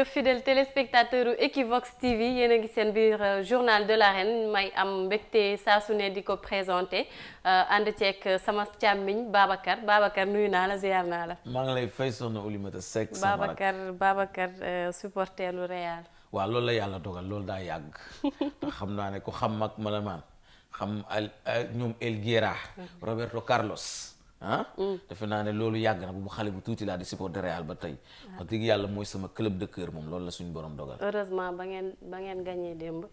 jërëjëf fidèle téléspectateur u Equivox TV yéen a ngi seen biir euh, journal de l'arène may am mbégte saa su ne di ko présenté euh, ànd ceeg euh, sama càmmiñ Babacar Babacar nuyu naa la ziar naa la. maa ngi lay fay soxna Oulimata Seck. sama Babacar Babacar supporter lu Real. waaw loolu la yàlla dogal loolu daa yàgg ndax xam naa ne ku xam mag malamaan xam al ñoom El Guerra mm-hmm. Roberto Carlos. ah mm. defe naa ne loolu yàgg na bu xale bu tuuti laa di supporter Real ba tey ah. wax dëgg yàlla mooy sama club de moom loolu la suñu borom dogal heureusement ba ngeen ba ngeen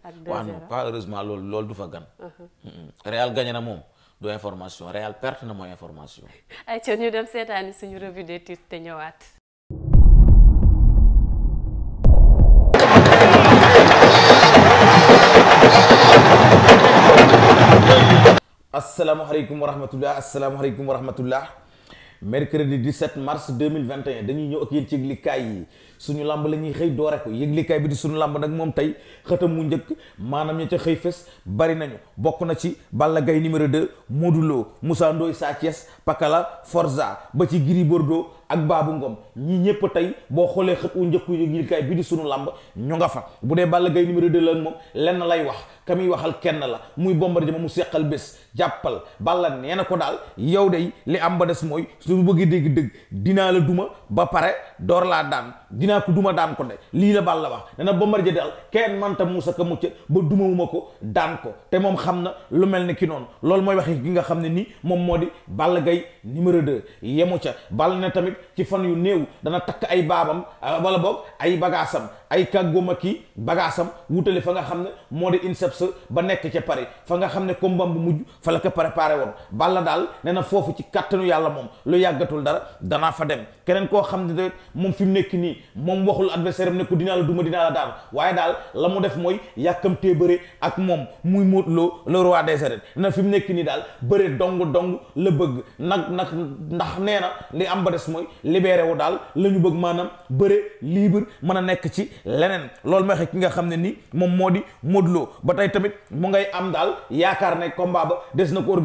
ak 2 uh-huh. Real gagné na moom du information Real perte na mooy information ay ñu dem seetaani suñu revue des titres te ñëwaat asalaamaaleykum wa rahmatullah asalaamaaleykum wa rahmatullah mercredi 17 mars 2021 dañuy ñëw ak yéen ci yëglikaay yi suñu làmb la ñuy xëy doore ko yëglikaay bi di suñu làmb nag moom tey xëtam mu njëkk maanaam ña ca xëy fes bari nañu bokk na ci Balla Gaye numéro 2 Modou Lo Moussa Ndoye Sa Thiès Pakala Forza ba ci Gris Bordeaux ak Babou Ngom ñii ñépp tey boo xoolee xët u njëkku yëglikaay bi di suñu làmb ñu nga fa bu dee Balla Gaye numéro de lan moom lenn lay wax ka muy waxal kenn la muy Bombardier ma mu seqal bés jàppal Balla nee na ko daal yow de li am ba des mooy su bëggee dégg dëgg dinaa la ba pare door laa dinaa ko duma daan ko de lii la Balla xam na lu mel ni ki noonu loolu mooy waxi gi nga xam ne nii moom moo di Balla Gaye numéro 2 yemu ca Balla na tamit ci fan yu néew dana takk ay baabam euh, wala boog ay bagaasam ay kàggoom ak bagaasam wutale fa nga xam ne moo di INSEPS ba nekk ca Paris fa nga xam ne combat bu mujj fa la ko préparé woon Balla daal nee na foofu ci kattanu yàlla moom lu yàggatul keneen koo xam ne moom fi nekk nii moom waxul adversaire am ne ko dinaa la duma dinaa la daan waaye daal la mu def mooy yàkkamtee bëre ak moom muy Modou Lo le roi des arènes na fi mu nekk nii daal bëre dong dong la bëgg nag nag ndax nee na li am ba des mooy libéré wu daal la ñu bëgg maanaam bëre libre mën a nekk ci leneen loolu may xëy ki nga xam ne nii moom moo di Modou ba tey tamit mu ngay am daal yaakaar ne combat ba des na ko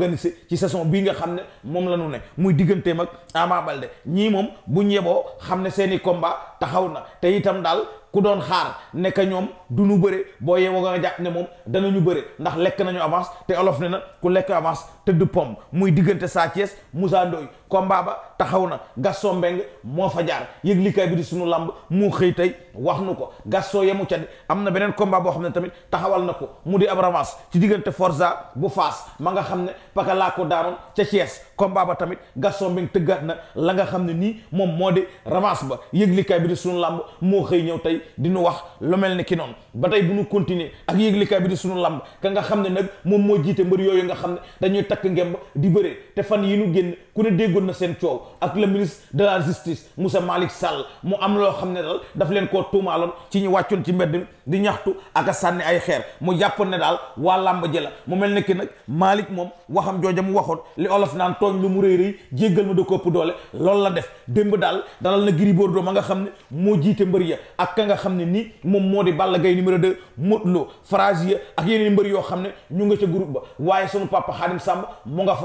ci saison bii nga xam ne moom la ñu ne muy digganteem ak Ama Baldé ñii moom bu ñu yeboo xam ne seeni combat taxaw taxaw na te itam daal ku doon xaar ne ñoom du ñu bëre boo yeewoo nga jàpp ne moom ñu bëre ndax lekk nañu avance te olof ne na ku lekk avance tëdd du muy diggante Sa Thiès Moussa Ndoye combat ba taxaw na Gaston Mbengue moo fa jaar yëglikaay bi di suñu làmb mu xëy tey wax nu ko Gaston yemu ca di am na beneen combat boo xam ne tamit taxawal na ko mu di ab revanche ci diggante Forza bu Faas ma nga xam ne paka laa ca Thiès combat ba tamit Gaston Mbengue tëggaat na la nga xam ne nii moom moo di revanche ba yëglikaay bi di sunu lamb moo xëy ñëw tey di nu wax lu mel ni ki noonu ba tey bu nu continuer ak yëglikaay bi di suñu lamb ka nga xam ne nag moom moo jiite mbër yooyu nga xam ne dañuy takk ngemb di bëree te fan yi nu génn ku ne déggoon bëriwoon na seen coow ak le ministre de la justice Moussa Malick Sall mu am loo xam ne daal daf leen koo tuumaaloon ci ñu wàccoon ci mbedd di ñaxtu ak a sànni ay xeer mu jàppoon ne daal waa làmb ji la mu mel nekki nag Malick moom waxam jooja mu waxoon li olof naan tooñ lu mu rëy rëy jéggal ma da ko ëpp doole loolu la def démb daal dalal na Gris Bordeaux ma nga xam ne moo jiite mbër ya ak ka nga xam ne nii moom moo di Balla Gaye numéro de Modou Lo phrase ya ak yeneen mbër yoo xam ne ñu nga ca groupe ba waaye sunu papa Xaadim Sàmb mu nga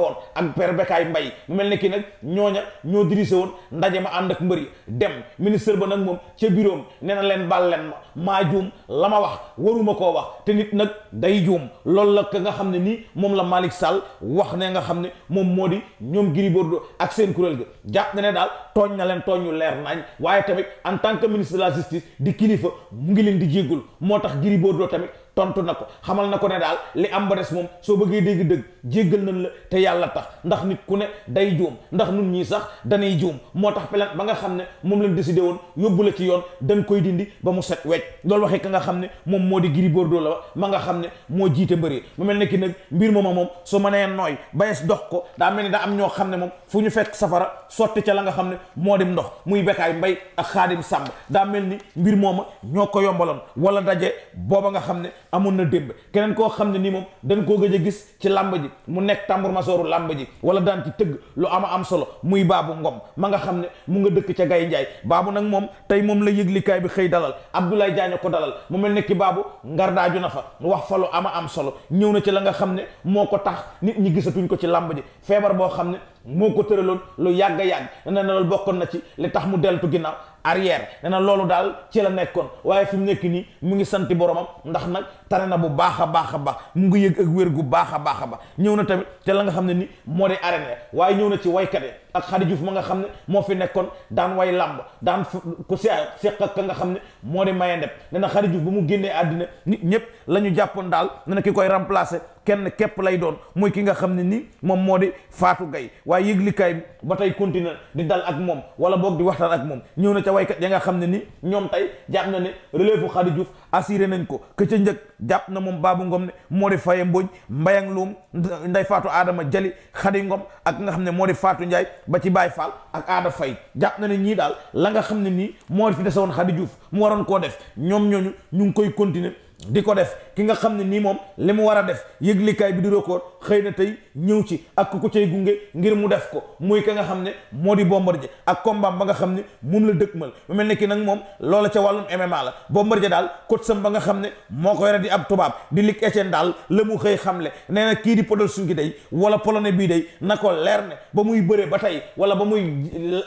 ñooña ñoo dirigé woon ndaje ma ànd ak mbër dem ministre ba nag moom ca bureau nee na leen baal leen ma maa juum la ma wax waruma koo wax te nit nag day juum loolu la ka nga xam ne nii moom la Malick Sall wax ne nga xam ne moom moo di ñoom Gris Bordeaux ak seen kuréel ga jàpp na ne daal tooñ na leen tooñ ñu leer nañ waaye tamit en tant que ministre la justice di kilifa mu ngi leen di jéggul moo tax Gris Bordeaux tamit tontu na ko xamal na ko ne daal li am ba des moom soo bëggee dégg dëgg jéggal nañ la te yàlla tax ndax nit ku ne day juum ndax nun ñii sax danay juum moo tax pelant ba nga xam ne moom lañ décidé woon yóbbu la ci yoon dañ koy dindi ba mu set wecc loolu waxee nga xam ne moom moo di Gris Bordeaux la ma nga xam ne moo jiite mbëri mu mel ne ki nag mbir mooma moom su ma nee nooy bayees dox ko daa mel ni daa am ñoo xam ne moom fu ñu fekk safara sotti ca la nga xam ne moo dim ndox muy bekaay mbay ak xaadim sàmb daa mel ni mbir mooma ñoo ko yombaloon nga xam ne amoon na démb keneen koo xam ne nii moom dañ koo gëj a gis ci làmb ji mu nekk tambour masooru làmb ji wala daan ci tëgg lu am am solo muy baabu ngom ma nga xam ne mu nga dëkk ca gay njaay baabu nag moom tey moom la yëglikaay bi xëy dalal Abdoulaye Diagne ko dalal mu mel nekki baabu ngar daaju na fa wax fa lu ama am solo ñëw na ci la nga xam ne moo ko tax nit ñi gisatuñ ko ci làmb ji feebar boo xam ne moo ko tëre tëraloon lu yàgg a yàgg nee na loolu bokkoon na ci li tax mu deltu ginnaaw arrière nee na loolu daal ci la nekkoon waaye fi mu nekk nii mu ngi santi boromam ndax nag tare na bu baax a baax a baax mu ngi yëg ak wér gu baax a baax baax ñëw na tamit te la nga xam ne nii moo di arène waaye ñëw na ci waykat yi ak Khady Diouf ma nga xam ne moo fi nekkoon daan way làmb daan ku se seq ak ka nga xam ne moo di maye ndeb nee na Khady Diouf ba mu génnee àddina nit ñëpp la ñu jàppoon daal nee na ki koy remplacer kenn képp lay doon muy ki nga xam ne ni moom moo di Fatou Gaye waaye yëglikaay bi ba tey continuer di dal ak moom wala boog di waxtaan ak moom ñëw na ca waykat ya nga xam ne ni ñoom tey jàpp na ne relève bu Khady nañ ko ke njëkk jàpp na moom Babou Ngom ne moo di Faye Mbodj Mbayang Loum Ndeye Fatou Adama Jali Khady Ngom ak nga xam ne moo di Fatou Ndiaye ba ci Baye Fall ak Aada Fay jàpp na ne ñii daal la nga xam ne nii moo fi desewoon Xadi Juuf mu waroon koo def ñoom ñooñu ñu ngi koy continuer di ko def ki nga xam ne nii moom li mu war a def yëglikaay bi di record xëy na tey ñëw ci ak ku cay gunge ngir mu def ko muy ka nga xam ne moo di Bombardier ak combat ba nga xam ne moom la mal mu mel ne kii nag moom loola ca wàllum MMA la Bombardier daal coach sam ba nga xam ne moo ko yore di ab tubaab di Luc Etienne daal la mu xëy xamle nee na kii di polo Podolski day wala polonais bii day na ko leer ne ba muy bëree ba tey wala ba muy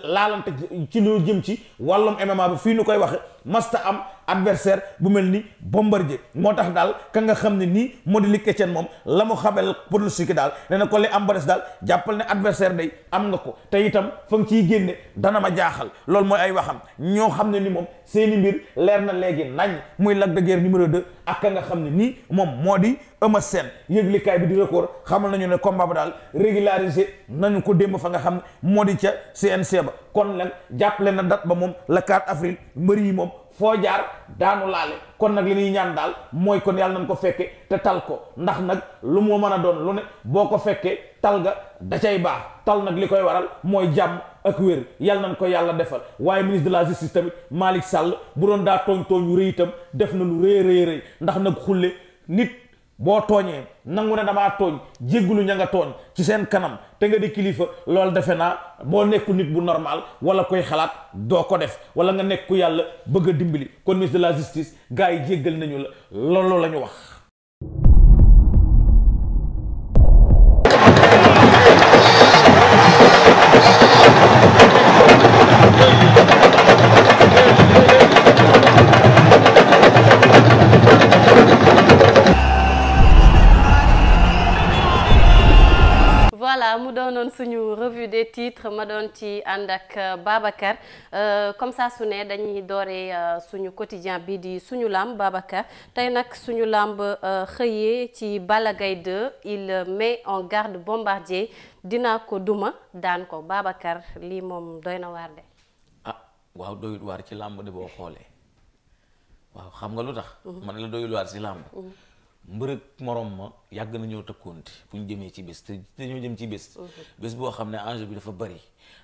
laalante ci lu jëm ci wàllum MMA bi fii nu koy waxe masta am adversaire bu mel ni Bombardier moo tax daal ka nga xam ne nii moo di Luc Etienne moom la mu xamel Podolski daal nee na ko li am ba daal jàppal ne adversaire day am nga ko te itam fa nga ciy génne dana ma jaaxal loolu mooy ay waxam ñoo xam ne ni moom seeni mbir leer na léegi nañ muy Lac de numéro 2 ak ka nga xam ne nii moom moo di Eumeu seen yëglikaay bi di record xamal nañu ne combat ba daal régularisé nañu ko démb fa nga xam moo di ca CNC ba kon leen jàppale na date ba moom le 4 avril mbëri yi moom foo jaar daanu laale kon nag li ñuy ñaan daal mooy kon yàlla nañ ko fekkee te tal ko ndax nag lu moo mën a doon lu ne boo ko fekkee tal ga da cay baax tal nag li koy waral mooy jàmm ak wér yàlla nañ ko yàlla defal waaye ministre de la justice tamit Malick Sall bu doon daa tooñ tooñ yu rëy itam def na lu rëy rëy rëy ndax nag xulle nit boo tooñee nangu ne damaa tooñ jéggulu ña nga tooñ ci seen kanam te nga de kilifa loolu defe naa boo nekku nit bu normal wala koy xalaat doo ko def wala nga nekku yàlla bëgg a dimbali kon ministre de la justice gars yi jéggal nañu la loolu la ñu wax voilà mu doonoon suñu revue des titres ma doon ci ànd ak euh, Babacar euh, comme ça su ne dañuy dooree euh, suñu quotidien bi di suñu làmb Babacar tey nag suñu làmb xëyee ci Balla Gaye 2 il met en garde Bombardier dinaa ko duma daan ko Babacar lii moom doy na waar de. ah waaw doyul waar ci làmb de boo xoolee waaw xam nga lu tax. Mhm. man la doyul waar ci làmb. Mhm. mbërëg morom ma yàgg nañoo tëkkoonti bu ñu jëmee ci bés te dañoo jëm ci bés. bés boo xam ne enjeu bi dafa bëri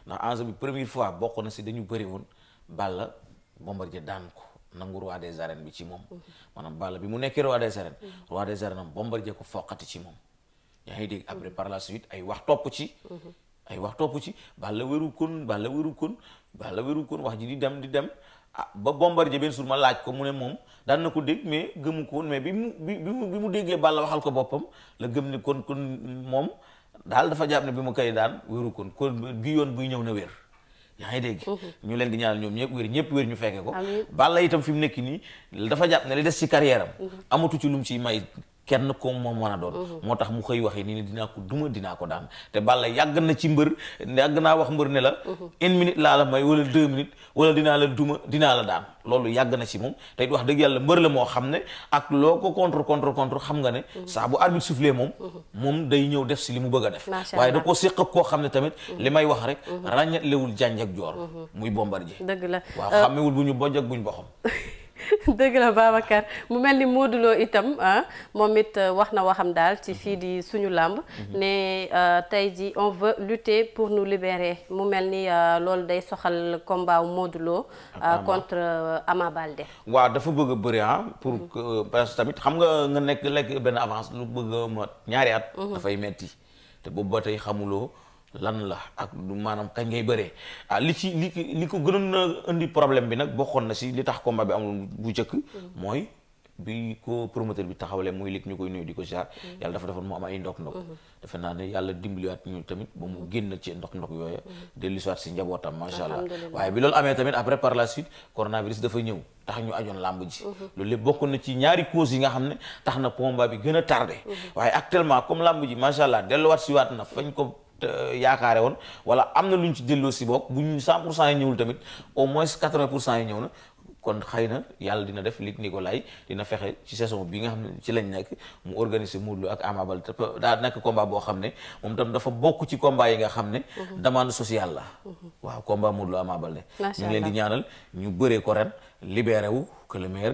ndax enjeu bi première fois bokk na si dañu bëri woon Balla Bombardier daan ko nangu roi des arènes bi ci moom. maanaam Balla bi mu nekkee roi des arènes. roi des arènes am Bombardier ko foqati ci moom. yaa ngi dégg après par la suite ay wax topp ci. ay wax topp ci Balla wéru kon Balla wéru kon Balla wéru kon wax ji di dem di dem. ah ba Bombardier benn suur ma laaj ko mu ne moom daan na ko dégg mais gëmu ko woon mais bi mu bi bi mu déggee Balla waxal ko boppam la gëm ni kon kon moom daal dafa jàpp ne bi mu koy daan wéru kon kon bi yoon buy ñëw ne wér yaa ngi dégg uhuh. ñu leen di ñaanal ñoom ñëpp wér ñëpp wér ñu fekke ko Balla itam fi nekk nii dafa jàpp ne li des ci carrière uhuh. amatu ci lu mu ciy may kenn ko moom mën a doon mhm. moo tax mu xëy waxee nii ne dinaa ko duma dinaa ko daan te Balla yàgg na ci mbër yàgg naa wax mbër ne la mhm. une minute laa la may wala deux minutes wala dinaa la duma dinaa la daan loolu yàgg na ci moom tey wax dëgg yàlla mbër la moo xam ne ak loo ko contre contre contre xam nga ne mhm. saa bu arbitre soufflé moom moom day ñëw def si li mu bëgg a def waaye da ko séq ak koo xam ne tamit li may wax rek ràññatlewul jànjag joor muy bombar dëgg la waaw euh, bu ñu bojj boxam dëgg la Babacar mu mel ni Modou Lo itam ah, moom it euh, wax na waxam daal ci fii di suñu làmb mhm. ne euh, tey ji on veut lutter pour nu libérer mu mel ni euh, loolu day soxal combat Modou Lo contre Ama Baldé waa dafa bëgg a bëri ah pour mhm. parce que tamit xam nga nga nekk lekk benn avance lu bëgg a ñaari at mhm. dafay metti te boobu ba tey xamuloo lan la ak du maanaam kañ ngay bëre ah li ci li li ko gënoon a indi problème bi nag bokkoon na si li tax combat bi amul bu njëkk mm. mooy bi ko promoteur bi taxawalee muy lig ñu koy nuyu di ko jaar mm. yàlla dafa defoon mu am ay ndok ndok mm-hmm. defe naa ne yàlla dimbaliwaat ñu tamit ba mu mm-hmm. génn ci ndok ndok yooya mm-hmm. dellusiwaat si njabootam macha allah waaye bi loolu amee tamit après par la suite coronavirus dafa ñëw tax ñu ajoon làmb ji loolu bokkoon na ci ñaari cause yi nga xam ne tax na combat bi gën a tardé waaye actuellement comme làmb ji macha allah delluwaat siwaat na ko Euh, yaakaare woon wala am na lu ñu ci delloo si bokk bu ñu 100 pour cent yi ñëwul tamit au moins 80 pour cent yi ñëw na kon xëy na yàlla dina def Luc Nicolaï dina fexe ci saison bi nga xam ne ci lañ nekk mu organiser Modou Lô ak Ama Baldé daa nekk combat boo xam ne moom tam dafa bokk ci komba yi nga xam ne mhm. demande sociale la mhm. waaw combat Modou Lô Ama Baldé ñu ngi di ñaanal ñu bëree ko ren libéré wu que le meilleur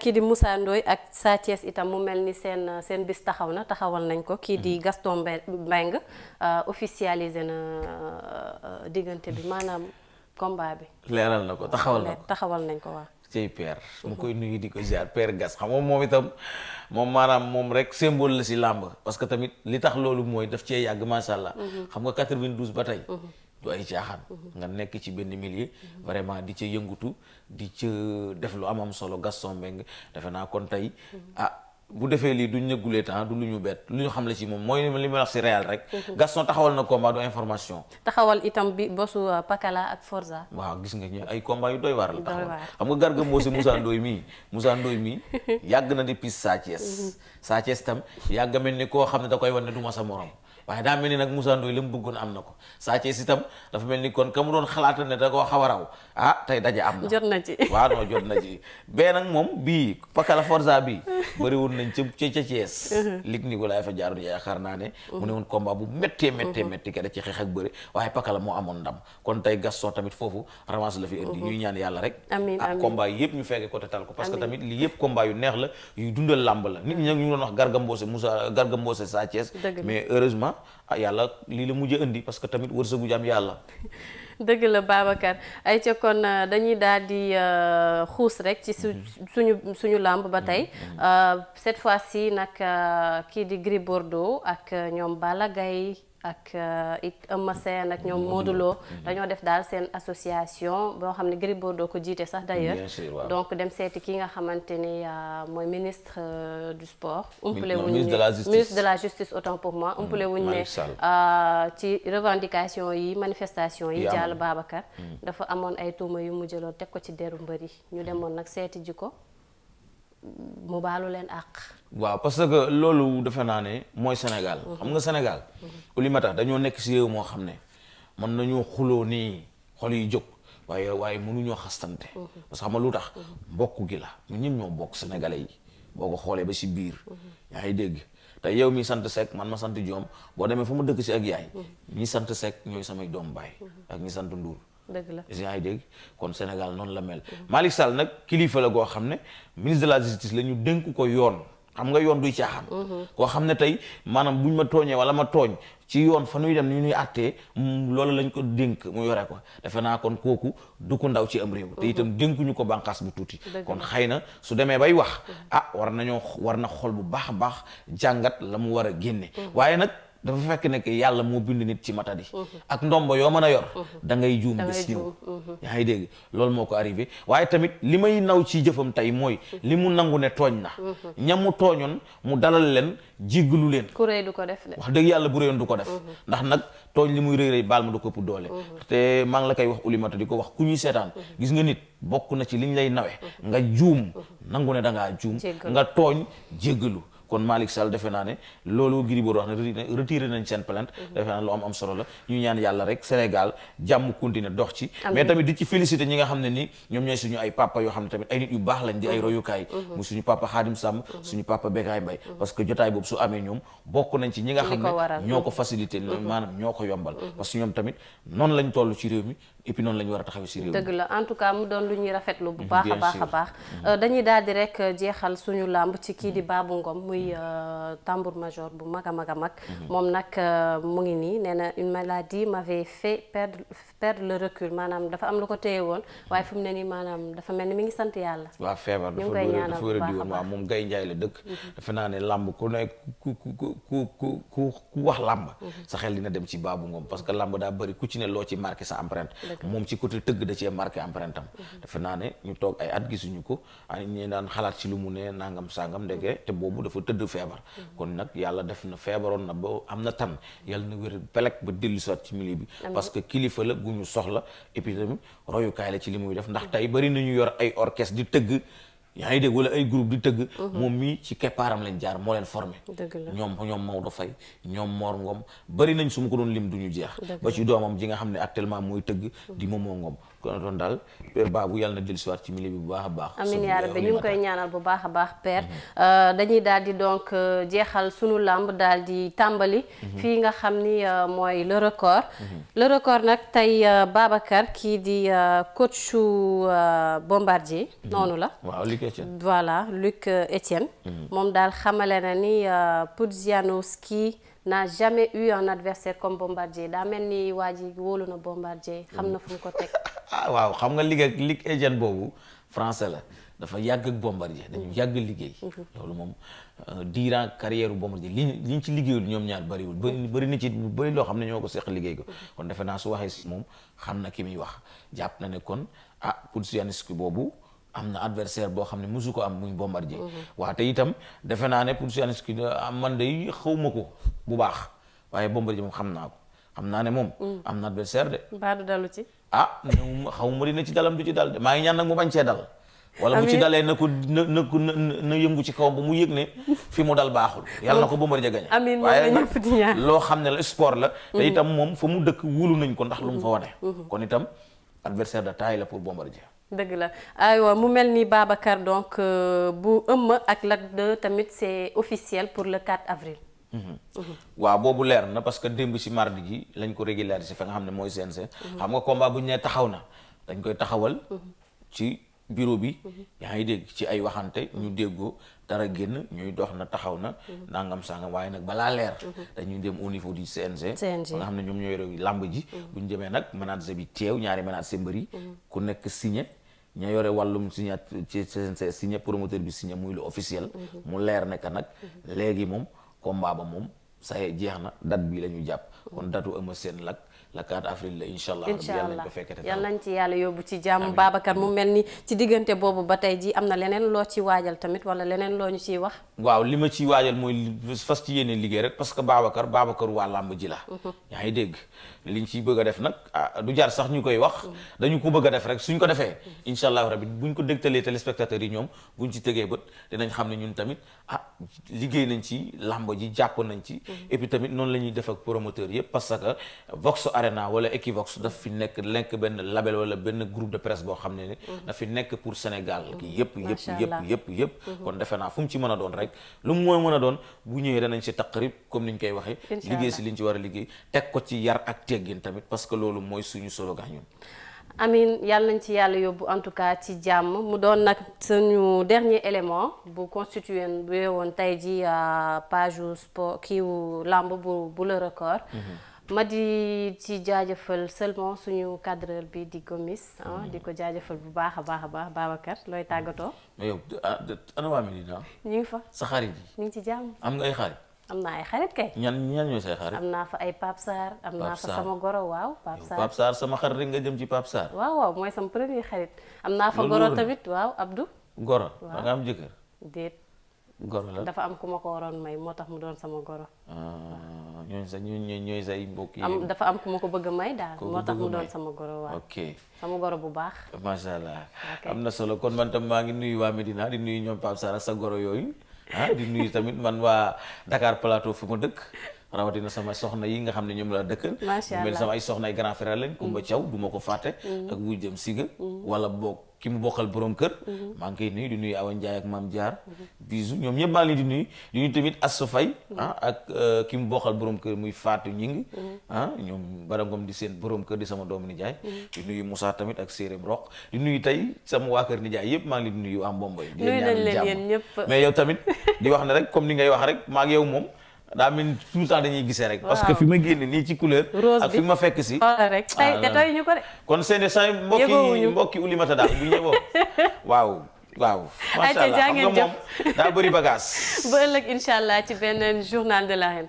kii di Moussa Ndoye ak Sa Thiès itam mu mel ni seen seen bis taxaw na taxawal nañ ko kii di mhm. Gaston Mbengue euh, officialisé na euh, diggante bi maanaam combat bi. leeral na ko taxawal na ko taxawal nañ ko waaw. ci père mu mhm. koy nuyu di ko ziar père gas xam nga moom itam moom maanaam moom rek symbole la si làmb parce que tamit li tax loolu mooy def cee yàgg macha allah. Mhm. xam nga 92 ba tey. Mhm. du ay caaxaan. nga nekk ci benn milieu. vraiment di ca yëngutu di ca def lu am am solo Gaston Mbengue defe naa kon tey ah, bu defee lii duñ ne gulee temps du lu ñu bett lu ñu xam la ci moom mooy li ma wax ci Real rek. Mhm. Gaston taxawal na combat du information. taxawal itam bi bosu euh, Pakala ak Forza. waaw gis nga ñu ay combat yu doy waar la. taxawal xam nga Garga Mbossé Moussa Ndoye mii Moussa Ndoye mii yàgg na di pis Sa Thiès. Mhm. Sa Thiès tam yàgg mel ni koo xam ne da koy wan ne du ma sa morom. waaye daa mel ni nag Moussa Ndoye la mu bëggoon am na ko Sa Thiès itam dafa mel ni kon ka mu doon xalaata ne da koo xaw a raw ah tey daje am na jot na ci waaw non jot na ci bee nag moom bii pakala forza bi bëri woon nañ ca ca Thiès uh-huh. lig Nicolas fa jaaroon yaakaar naa ne mu uh-huh. ne woon combat bu méttee méttee uh-huh. métti ke da ci xeex ak bëri waaye pakala moo amoon ndam kon tey Gaston tamit foofu revanche la fi indi ñuy ñaan yàlla rek amiin ak ah, combat yëpp ñu fekke ko te tal ko parce que tamit li yëpp combat yu neex la yuy dundal làmb la nit ñi nag ñu doon wax Garga Mbossé Moussa Garga Mbossé Sa Thiès mais heureusement xaar ah yàlla lii la mujjee indi parce que tamit wërsëgu jaam yàlla. dëgg la Babacar ay ca kon ah, dañuy daal di ah, xuus rek ci mhm. suñu suñu làmb ba tey mhm. ah, cette fois si nag kii di Gris Bordeaux ak ñoom Balla ak euh, Eumeu Sène ak ñoom Modou dañoo def daal seen association boo xam ne Gris doo ko jiite sax d'ailleurs donc dem seeti kii nga xamante ni euh, mooy ministre euh, du sport umpale wuñ ministre de la justice autant pour moi umpale mm, wuñ ne ci revendication yi manifestation yi Diallo Babacar mm. dafa amoon ay tuuma yu mu jëloon teg ko ci deru mbër yi ñu mm. demoon nag seeti ji ko mu baalu leen àq. waaw parce que loolu defe naa ne mooy Sénégal. Mhm. xam nga Sénégal. Mhm. tax dañoo nekk si réew moo xam ne mën nañoo xuloo nii xol yi jóg waaye waaye mënuñoo xastante. Mhm. parce que xam nga lu tax mbokk gi la ñun ñëpp ñoo bokk sénégalais yi boo ko xoolee ba si biir. yaa ngi dégg te yow mii sant Seck man ma sant joom boo demee fu ma dëkk si ak yaay. ñi sant Seck ñooy samay doom baay. ak ñi sant Ndour. dëgg la yaa ngi kon Sénégal noonu la mel. Malick nag kilifa la goo xam ne ministre la justice la ñu dénk ko yoon xam nga yoon duy caaxaan. Mhm. koo xam ne tey maanaam buñ ma tooñee wala ma tooñ ci yoon fa nuy dem ni ñuy àttee mm, loolu lañ ko dénk mu yore ko defe naa kon kooku du ndaw ci am réew. te mhm. itam dénkuñu ko bànqaas bu tuuti. kon xay na su demee bay wax. Mhm. ah war nañoo war na xool bu baax a baax jàngat la mu war a génne. waaye nag. dafa fekk ne yàlla moo bind nit ci matadi ak ndombo yoo mën a yor da ngay juum ba siiw yaa ngi dégg loolu moo ko arrivé waaye tamit li may naw ci jëfam tey mooy li mu nangu ne tooñ na ñamu tooñoon mu dalal leen jéggalu leen ku rëy du def wax dëgg yàlla bu réyoon du ko def ndax nag tooñ li muy rëy baal ma du ko ëpp doole te maa la koy wax ulimata di ko wax ku ñuy seetaan gis nga nit bokk na ci liñ lay nawe nga juum nangu ne da ngaa juum nga tooñ jéggalu kon Malick Sall defe naa ne loolu Gris Bordeaux wax ne retiré nañ seen plainte mhm. defe naa lu am am solo la ñu ñaan yàlla rek Sénégal jàmm continuer dox ci mais tamit di ci félicité ñi nga xam ne ni ñoom ñooy suñu ay papa yoo xam ne tamit ay baax lañ ay mhm. royukaay mhm. mu suñu papa Khadim Samb suñu papa Bekaay parce que jotaay boobu su amee ñoom bokk nañ ci ñi nga xam ne ñoo ko facilité maanaam ñoo ko yombal parce que ñoom tamit noonu lañ toll ci réew mi et puis la ñu war a taxawee si réew dëgg la en tout cas mu doon lu ñuy rafetlu bu baax a baax a baax mm-hmm. euh, dañuy daal di rek euh, jeexal suñu làmb ci kii di baabu ngoom muy mm-hmm. euh, tambour major bu mag a mag a mag mm-hmm. moom nag mu ngi nii nee na une maladie m'avait fait perdre perdre le recul maanaam dafa am lu ko téye woon waaye fu mu ne nii maanaam dafa mel ni mi ngi sant yàlla waaw feebar dafa wér di woon waaw moom gay njaay la dëkk dafa naa ne làmb ku ne ku ku ku ku ku wax làmb sa xel dina dem ci Babou Ngom parce que làmb daa bëri ku ci ne loo ci marqué sa empreinte moom ci côté tëgg da cee marqué empreinte am dafa naa ne ñu toog ay at gisuñu ko ay ñi daan xalaat ci lu mu ne nangam sangam ndeke te boobu dafa tëdd feebar kon nag yàlla def na feebaroon na boo am na tam yàlla na wér pelek ba dellu soit ci milieu bi parce que kilifa la gu ñu soxla et puis tamit royukaay la ci li muy def ndax tey bari nañu yor ay orchestre di tëgg yaa ngi dégg wala ay groupe di tëgg mhm. moom mii ci keppaaram lañ jaar moo leen formé ñoom ñoom Maodo Faye ñoom moor Ngom bari nañ su ma ko doon lim du ñu jeex ba ci doomam ji nga xam ne actuellement mooy tëgg di Momo Ngom kon doon daal père Babou yàlla na dellusiwaat ci milieu bi bu baax a baax. amiin yaa rabbi ñu ngi koy ñaanal bu baax a baax père. Mhm. Euh, dañuy daal di donc euh, jeexal suñu làmb daal di tàmbali. Mhm. fii nga xam ni euh, mooy le record. Mhm. le record nag tey Babacar kii di coach bombardier. noonu la waaw Luc Etienne. moom daal xamale na ni Pudzianowski n'a jamais eu un adversaire comme Bombardier daa mel ni waa ji wóolu na Bombardier xam na fu mu ko teg. ah waaw xam nga liggéey ak ligue boobu français la dafa yàgg ak Bombardier dañu yàgg liggéey. Mhm. loolu moom euh, durant carrière Bombardier li liñ ci liggéeyul ñoom ñaar bëriwul bëri bëri na ci bëri loo xam ne ñoo ko seq liggéey ko mhm. kon defe naa su waxee si moom xam na ki muy wax jàpp na ne kon ah pour Janissky boobu. am na adversaire boo xam ne musu ko am muy Bombardier mhm. waaw te itam defe naa ne pour Sianski ah, man day xawma ko bu baax waaye Bombardier moom xam naa ko xam naa ne moom mhm. am na adversaire de mbaa du dalu ci ah new xawma dina ci dalam du ci dal maa ngi ñaan nag mu bañ cee dal wala bu na ko na na ko yëngu ci kawam ba mu yëg ne fi mu dal baaxul yal na ko Bombardier gañe amiin waaye ñëpp loo xam ne la sport la te mhm. itam moom fa mu dëkk wulu nañ ko ndax lu mu fa wane kon itam adversaire de taille la pour Bombardier dëgg la aywa mu mel ni Babacar donc euh, bu ëmma ak Lac 2 tamit c'est officiel pour le 4 avril. Mhm. Mhm. waaw boobu leer na parce que démb ci mardi ji lañ ko régulariser fa nga xam ne mooy CNG. Mhm. xam nga combat bu ñu nee taxaw na dañ koy taxawal. ci bureau bi. yaa ngi dégg ci ay waxante ñu déggoo dara génn ñuy dox na taxaw na. nangam sangam waaye nag balaa leer. dañuy dem au niveau du CNG. CNG nga xam ne ñoom ñooy réew làmb ji. bu ñu demee nag manager bi teew ñaari manager mbër yi. ku nekk signé. ña yore wàllum signé ci CNCR signé promoteur bi signé muy lu officiel. Mhm. mu leer ne que nag. Mhm. léegi moom combat ba moom saa yee jeex na date bi la ñu jàpp. Mhm. kon datu Eumeu Sène lak la 4 avril la incha allah. incha allah yàlla nañ ci yàlla yóbbu ci jàmm Babacar mu mel ni ci diggante boobu ba tey ji am na leneen loo ci waajal tamit wala leneen loo ñu ciy wax. waaw li ma ciy waajal mooy fas ci yéene liggéey rek parce que Babacar Babacar waa làmb ji la. yaa ngi dégg. liñ ci bëgg a def nag ah du jaar sax ñu koy wax mm. dañu ko bëgg a def rek suñ ko defee incha allahu bu buñ ko dégtalee téléspectateurs yi ñoom buñ ci tegee bët dinañ xam ne ñun tamit ah liggéey nañ ci làmb ji jàpp nañ ci mm. et puis tamit noonu la ñuy def ak promoteur yëpp parce que Vox Arena wala Equivox daf fi nekk lenk benn label wala benn groupe de presse boo xam ne ne daf mm. nekk pour Sénégal yëpp yëpp yëpp yëpp yëpp kon defe naa fu mu ci mën a doon rek lu moo mooy mën doon bu ñëwee danañ ci taqrib comme niñ koy waxee si liñ ci war a liggéey teg ko ci teggin tamit parce que loolu mooy suñu slogan ñun amin yàlla nañ ci yàlla yóbbu en tout cas ci jàmm mu doon nag suñu dernier élément bu constitué bu woon tey ji euh, page sport kiiwu làmb bu bu le record mhm. ma di ci jaajëfal seulement suñu cadreur bi di ko Gomis ah, mhm. di ko jaajëfal bu baax a baax a baax Babacar looy tàggatoo. mais ah, ngi fa. sa xarit yi ñu ngi ci jàmm. am naa ay xarit kay. ñan ñan say xarit. am naa fa ay Pape Sarr. am naa fa sama goro waaw. Pape Sarr sama xarit rek nga jëm ci Pape Sarr. waaw waaw mooy sama premier xarit. am naa fa goro tamit waaw Abdou. goro da am jëkkër. déet. goro la dafa am ku ma ko waroon may moo tax mu doon sama goro. Ah, ñooñu sa ñooñu ñooy say mbokk yi. am dafa am ku ma ko bëgg a may daal. moo tax mu doon sama goro waaw. ok sama bu baax. macha allah am na solo kon man tam maa ngi nuyu waa mi dinaa di nuyu ñoom Pape Sarr sa goro yooyu. ah di nuyu tamit man waa dakaar Plateau fi ma dëkk rawatina sama soxna yi nga xam ne ñoom laa dëkkal macha allah mel sama ay soxna ay grand frère lañ Kumba Thiaw du ma ko fàtte mm. ak wuy jëm siga mm. wala boog ki mu bokkal borom kër. Mhm. maa ngi koy nuyu di nuyu Awa Ndiaye ak Mame Diar. Mhm. bisu ñoom ñëpp maa ngi di nuy di nuyu tamit Assou Faye mhm. ah ak euh, ki mu bokkal borom kër muy Fatou Nying. ah ñoom barangom di seen borom kër di sama doomu nijaay. di nuyu Moussa tamit ak Sérém Roq di nuyu tey sama waa kër nijaay yëpp maa ngi leen di nuyu waa Mbomboy. nuyu nañ leen yéen ñëpp mais yow tamit di wax ne rek comme ni ngay wax rek maa ngi yow moom. daa mel ni tout temps dañuy gisee rek. parce que fi ma génn nii ci couleur. ak fi ma fekk si. xoolal rek tey détoy ah. ñu ko de. kon seen say mbokki yi mbokki Oulimata daal bu ñëwoo waaw. waaw macha allah xam nga daa bëri bagage. ba ëllëg incha allah ci beneen journal de l'arène.